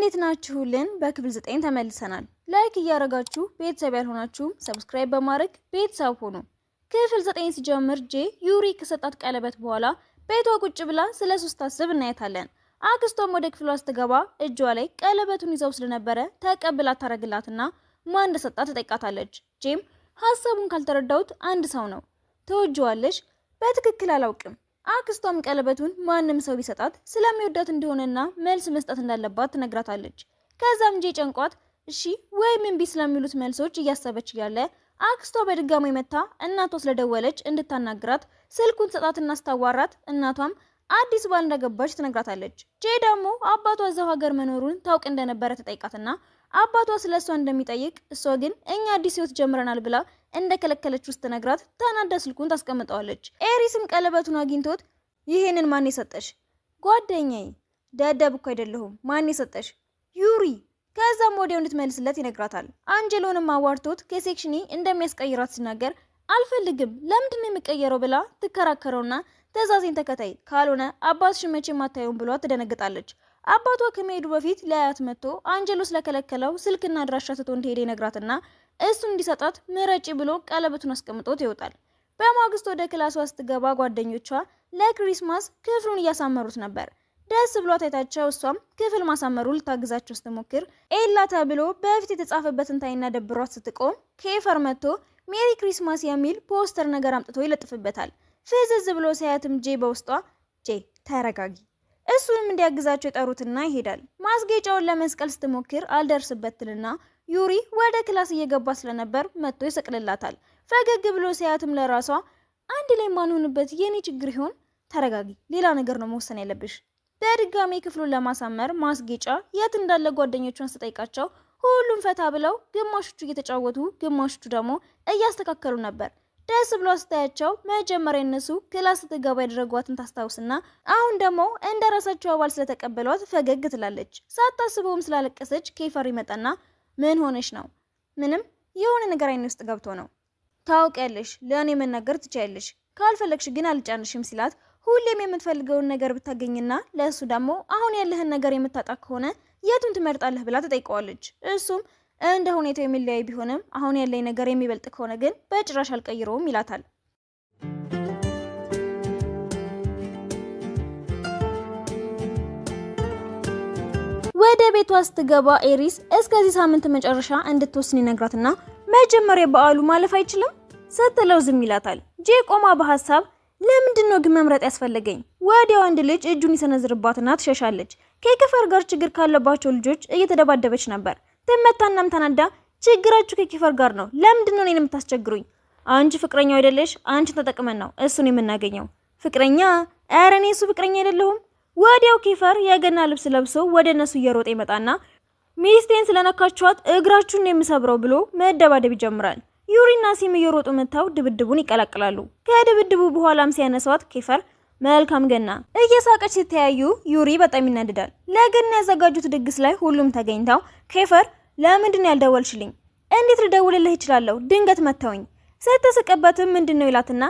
እንዴት ናችሁልን? በክፍል ዘጠኝ ተመልሰናል። ላይክ እያደረጋችሁ ቤተሰብ ያልሆናችሁም ሰብስክራይብ በማድረግ ቤተሰብ ሆኑ። ክፍል ዘጠኝ ሲጀምር ጄ ዩሪ ከሰጣት ቀለበት በኋላ ቤቷ ቁጭ ብላ ስለ ሱስ ታስብ እናያታለን። አክስቷም ወደ ክፍሏ ስትገባ እጇ ላይ ቀለበቱን ይዘው ስለነበረ ተቀብላ ታረግላትና ማን እንደሰጣት ትጠይቃታለች። ጄም ሀሳቡን ካልተረዳሁት አንድ ሰው ነው። ትወጂዋለሽ? በትክክል አላውቅም አክስቷም ቀለበቱን ማንም ሰው ቢሰጣት ስለሚወዳት እንደሆነና መልስ መስጠት እንዳለባት ትነግራታለች። ከዛም ጄ ጨንቋት እሺ ወይም እምቢ ስለሚሉት መልሶች እያሰበች እያለ አክስቷ በድጋሚ መታ እናቷ ስለደወለች እንድታናግራት ስልኩን ሰጣትና ስታዋራት እናቷም አዲስ ባል እንደገባች ትነግራታለች። ጄ ደግሞ አባቷ እዛው ሀገር መኖሩን ታውቅ እንደነበረ ተጠይቃትና አባቷ ስለ እሷ እንደሚጠይቅ እሷ ግን እኛ አዲስ ህይወት ጀምረናል ብላ እንደከለከለች ውስጥ ነግራት ተናዳ ስልኩን ታስቀምጠዋለች። ኤሪስም ቀለበቱን አግኝቶት ይሄንን ማን የሰጠሽ? ጓደኛዬ። ደደብ እኮ አይደለሁም። ማን የሰጠሽ? ዩሪ። ከዛም ወዲያው እንድትመልስለት ይነግራታል። አንጀሎንም አዋርቶት ከሴክሽኒ እንደሚያስቀይራት ሲናገር አልፈልግም ለምንድን ነው የሚቀየረው ብላ ትከራከረውና ትዕዛዜን ተከታይ ካልሆነ አባትሽ መቼ ማታየውን ብሏ ትደነግጣለች። አባቷ ከመሄዱ በፊት ለያት መጥቶ አንጀሎ ስለከለከለው ስልክና አድራሻ ትቶ እንደሄደ ይነግራትና እሱ እንዲሰጣት ምረጪ ብሎ ቀለበቱን አስቀምጦት ይወጣል። በማግስት ወደ ክላሷ ስትገባ ጓደኞቿ ለክሪስማስ ክፍሉን እያሳመሩት ነበር። ደስ ብሏት አይታቸው እሷም ክፍል ማሳመሩ ልታግዛቸው ስትሞክር ኤላ ተብሎ በፊት የተጻፈበትን ታይና ደብሯት ስትቆም ኬፈር መጥቶ ሜሪ ክሪስማስ የሚል ፖስተር ነገር አምጥቶ ይለጥፍበታል። ፍዝዝ ብሎ ሲያያትም ጄ በውስጧ ጄ ተረጋጊ እሱንም እንዲያግዛቸው ይጠሩትና ይሄዳል። ማስጌጫውን ለመስቀል ስትሞክር አልደርስበት ትልና ዩሪ ወደ ክላስ እየገባ ስለነበር መጥቶ ይሰቅልላታል። ፈገግ ብሎ ሲያትም ለራሷ አንድ ላይ ማንሆንበት የኔ ችግር ይሆን? ተረጋጊ፣ ሌላ ነገር ነው መወሰን ያለብሽ። በድጋሚ ክፍሉን ለማሳመር ማስጌጫ የት እንዳለ ጓደኞቿን ስጠይቃቸው ሁሉም ፈታ ብለው፣ ግማሾቹ እየተጫወቱ ግማሾቹ ደግሞ እያስተካከሉ ነበር። ደስ ብሎ ስታያቸው መጀመሪያ እነሱ ክላስ ስትገባ ያደረጓትን ታስታውስና አሁን ደግሞ እንደ ራሳቸው አባል ስለተቀበሏት ፈገግ ትላለች። ሳታስበውም ስላለቀሰች ኬፈር ይመጣና ምን ሆነሽ ነው? ምንም የሆነ ነገር አይኔ ውስጥ ገብቶ ነው። ታውቂያለሽ፣ ለእኔ መናገር ትችያለሽ፣ ካልፈለግሽ ግን አልጫንሽም ሲላት ሁሌም የምትፈልገውን ነገር ብታገኝና ለእሱ ደግሞ አሁን ያለህን ነገር የምታጣ ከሆነ የቱን ትመርጣለህ ብላ ተጠይቀዋለች። እሱም እንደ ሁኔታው የሚለያይ ቢሆንም አሁን ያለኝ ነገር የሚበልጥ ከሆነ ግን በጭራሽ አልቀይረውም ይላታል። ወደ ቤቷ ስትገባ ኤሪስ እስከዚህ ሳምንት መጨረሻ እንድትወስን ይነግራትና መጀመሪያ በዓሉ ማለፍ አይችልም ስትለው ዝም ይላታል። ጄ ቆማ በሀሳብ ለምንድን ነው ግን መምረጥ ያስፈለገኝ? ወዲያው አንድ ልጅ እጁን ይሰነዝርባትና ትሸሻለች። ከከፈር ጋር ችግር ካለባቸው ልጆች እየተደባደበች ነበር። ትመታናም ተናዳ ችግራችሁ ከኪፈር ጋር ነው። ለምንድን ነው እኔን የምታስቸግሩኝ? አንቺ ፍቅረኛ አይደለሽ። አንቺን ተጠቅመን ነው እሱን የምናገኘው። ፍቅረኛ? ኧረ እኔ እሱ ፍቅረኛ አይደለሁም። ወዲያው ኪፈር የገና ልብስ ለብሶ ወደ እነሱ እየሮጠ ይመጣና ሚስቴን ስለነካችኋት እግራችሁን የምሰብረው ብሎ መደባደብ ይጀምራል። ዩሪና ሲም እየሮጡ መጥተው ድብድቡን ይቀላቅላሉ። ከድብድቡ በኋላም ሲያነሷት ኪፈር መልካም ገና እየሳቀች ሲተያዩ ዩሪ በጣም ይናደዳል። ለገና ያዘጋጁት ድግስ ላይ ሁሉም ተገኝተው ኬፈር ለምንድን ያልደወልሽልኝ? እንዴት ልደውልልህ እችላለሁ? ድንገት መተውኝ። ስትስቅበትም ምንድን ነው ይላትና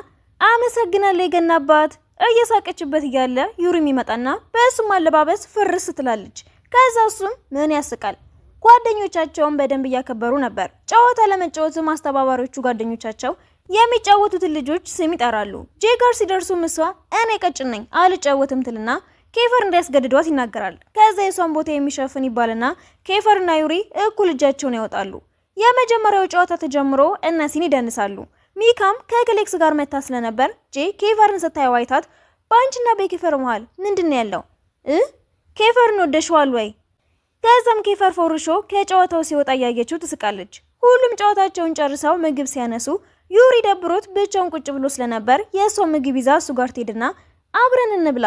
አመሰግናለሁ የገና አባት እየሳቀችበት እያለ ዩሪም ይመጣና በእሱም አለባበስ ፍርስ ትላለች። ከዛ እሱም ምን ያስቃል። ጓደኞቻቸውን በደንብ እያከበሩ ነበር። ጨዋታ ለመጫወትም አስተባባሪዎቹ ጓደኞቻቸው የሚጫወቱትን ልጆች ስም ይጠራሉ። ጄጋር ሲደርሱም እሷ እኔ ቀጭን ነኝ አልጫወትም ትልና ኬፈር እንዲያስገድዷት ይናገራል። ከዛ የሷን ቦታ የሚሸፍን ይባልና ኬፈርና ዩሪ እኩል እጃቸውን ያወጣሉ። የመጀመሪያው ጨዋታ ተጀምሮ እነሲን ይደንሳሉ። ሚካም ከክሌክስ ጋር መታ ስለነበር ጄ ኬፈርን ስታይ ዋይታት በአንቺና በኬፈር መሃል ምንድን ያለው እ ኬፈርን ወደሽዋል ወይ? ከዛም ኬፈር ፎርሾ ከጨዋታው ሲወጣ እያየችው ትስቃለች። ሁሉም ጨዋታቸውን ጨርሰው ምግብ ሲያነሱ ዩሪ ደብሮት ብቻውን ቁጭ ብሎ ስለነበር የእሷ ምግብ ይዛ እሱ ጋር ትሄድና አብረን እንብላ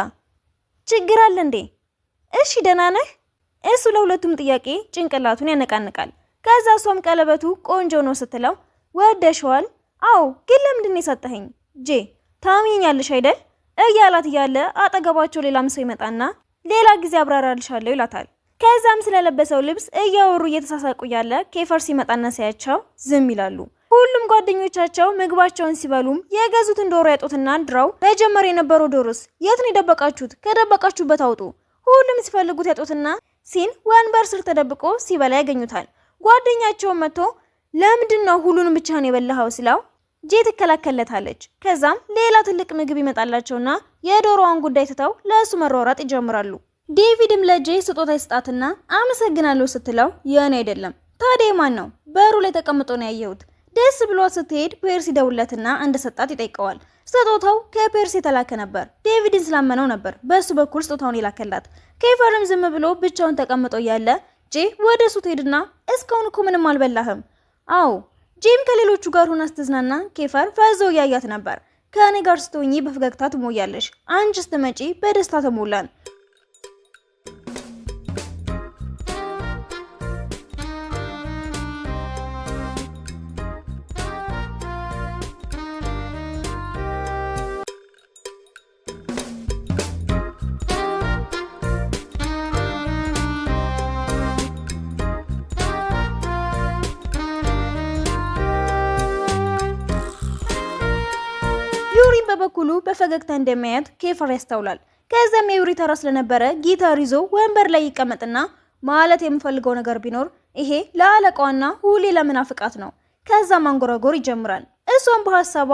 ችግር አለ እንዴ? እሺ ደህና ነህ? እሱ ለሁለቱም ጥያቄ ጭንቅላቱን ያነቃንቃል። ከዛ እሷም ቀለበቱ ቆንጆ ነው ስትለው ወደሸዋል? አዎ፣ ግን ለምንድን የሰጠኸኝ? ጄ ታምኝኛለሽ አይደል እያላት እያለ አጠገባቸው ሌላም ሰው ይመጣና ሌላ ጊዜ አብራራልሻለሁ ይላታል። ከዛም ስለለበሰው ልብስ እያወሩ እየተሳሳቁ እያለ ኬፈር ሲመጣና ሲያያቸው ዝም ይላሉ። ሁሉም ጓደኞቻቸው ምግባቸውን ሲበሉም የገዙትን ዶሮ ያጡትና ድራው በጀመር የነበረው ዶሮስ የት ነው የደበቃችሁት? ከደበቃችሁበት አውጡ። ሁሉም ሲፈልጉት ያጡትና ሲን ወንበር ስር ተደብቆ ሲበላ ያገኙታል። ጓደኛቸውን መጥቶ ለምንድን ነው ሁሉንም ብቻህን የበላኸው ሲለው ጄ ትከላከለታለች። ከዛም ሌላ ትልቅ ምግብ ይመጣላቸውና የዶሮዋን ጉዳይ ትተው ለእሱ መሯሯጥ ይጀምራሉ። ዴቪድም ለጄ ስጦታ ይስጣትና አመሰግናለሁ ስትለው የኔ አይደለም ታዲያ ማን ነው በሩ ላይ ተቀምጦ ነው ያየሁት ደስ ብሎ ስትሄድ ፔርስ ይደውለትና እንደሰጣት ይጠይቀዋል። ስጦታው ከፔርስ የተላከ ነበር። ዴቪድን ስላመነው ነበር በእሱ በኩል ስጦታውን የላከላት። ኬፈርም ዝም ብሎ ብቻውን ተቀምጦ እያለ ጂ ወደ እሱ ትሄድና እስካሁን እኮ ምንም አልበላህም። አዎ ጂም ከሌሎቹ ጋር ሆና ስትዝናና ኬፈር ፈዞ እያያት ነበር። ከእኔ ጋር ስትሆኚ በፈገግታ ትሞያለሽ፣ አንቺ ስትመጪ በደስታ ተሞላን ይህን በበኩሉ በፈገግታ እንደሚያያት ኬፈር ያስተውላል። ከዚያም የዩሪ ተራ ስለነበረ ጊታር ይዞ ወንበር ላይ ይቀመጥና ማለት የምፈልገው ነገር ቢኖር ይሄ ለአለቃዋና ሁሌ ለምናፍቃት ነው። ከዛ ማንጎራጎር ይጀምራል። እሷም በሀሳቧ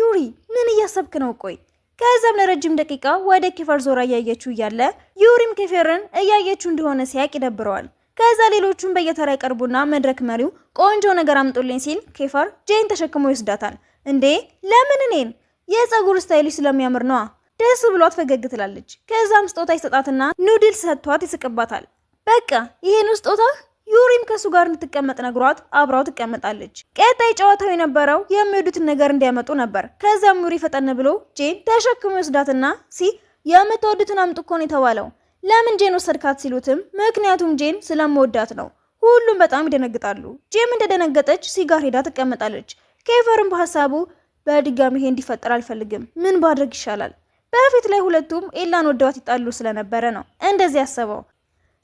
ዩሪ ምን እያሰብክ ነው? ቆይ ከዛም ለረጅም ደቂቃ ወደ ኬፈር ዞራ እያየችው እያለ ዩሪም ኬፈርን እያየችው እንደሆነ ሲያቅ ይደብረዋል። ከዛ ሌሎቹም በየተራ ይቀርቡና መድረክ መሪው ቆንጆ ነገር አምጡልኝ ሲል ኬፈር ጄን ተሸክሞ ይወስዳታል። እንዴ ለምን እኔን የፀጉር ስታይልሽ ስለሚያምር ነዋ። ደስ ብሏት ፈገግ ትላለች። ከዛም ስጦታ ይሰጣትና ኑድል ሰጥቷት ይስቅባታል። በቃ ይሄን ስጦታ ዩሪም ከእሱ ጋር እንድትቀመጥ ነግሯት አብራው ትቀመጣለች። ቀጣይ ጨዋታው የነበረው የሚወዱትን ነገር እንዲያመጡ ነበር። ከዛም ዩሪ ፈጠን ብሎ ጄን ተሸክሞ ይወስዳትና ሲ የምትወዱትን አምጡ እኮ ነው የተባለው ለምን ጄን ወሰድካት ሲሉትም ምክንያቱም ጄን ስለምወዳት ነው። ሁሉም በጣም ይደነግጣሉ። ጄም እንደደነገጠች ሲጋር ሄዳ ትቀመጣለች። ኬፈርም በሀሳቡ በድጋሚ ይሄ እንዲፈጠር አልፈልግም። ምን ባድረግ ይሻላል? በፊት ላይ ሁለቱም ኤላን ወደዋት ይጣሉ ስለነበረ ነው እንደዚህ ያሰበው።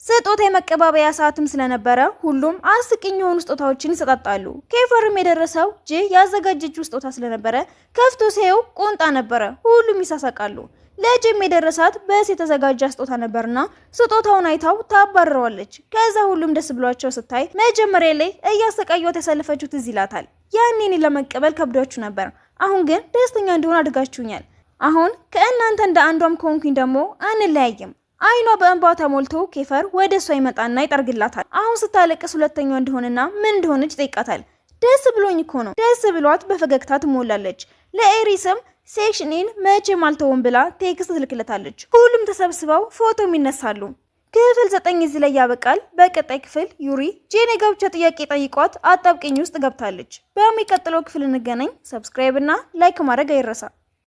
ስጦታ የመቀባበያ ሰዓትም ስለነበረ ሁሉም አስቂኝ የሆኑ ስጦታዎችን ይሰጣጣሉ። ኬፈርም የደረሰው ጅ ያዘጋጀችው ስጦታ ስለነበረ ከፍቶ ሲያየው ቁንጣ ነበረ። ሁሉም ይሳሳቃሉ። ለጅም የደረሳት በስ የተዘጋጀ ስጦታ ነበርና ስጦታውን አይታው ታባረዋለች። ከዛ ሁሉም ደስ ብሏቸው ስታይ መጀመሪያ ላይ እያሰቃዩት ያሳለፈችው ትዝ ይላታል። ያኔ ለመቀበል ከብዷችሁ ነበር አሁን ግን ደስተኛ እንደሆነ አድርጋችሁኛል። አሁን ከእናንተ እንደ አንዷም ከሆንኩኝ ደግሞ አንለያይም። አይኗ በእንባ ተሞልቶ ኬፈር ወደ እሷ ይመጣና ይጠርግላታል። አሁን ስታለቅስ ሁለተኛው እንደሆነና ምን እንደሆነች ይጠይቃታል። ደስ ብሎኝ እኮ ነው። ደስ ብሏት በፈገግታ ትሞላለች። ለኤሪስም ሴክሽኔን መቼም አልተውም ብላ ቴክስት ትልክለታለች። ሁሉም ተሰብስበው ፎቶም ይነሳሉ። ክፍል ዘጠኝ እዚህ ላይ ያበቃል። በቀጣይ ክፍል ዩሪ ጄን የጋብቻ ጥያቄ ጠይቋት አጣብቂኝ ውስጥ ገብታለች። በሚቀጥለው ክፍል እንገናኝ። ሰብስክራይብ እና ላይክ ማድረግ አይረሳ።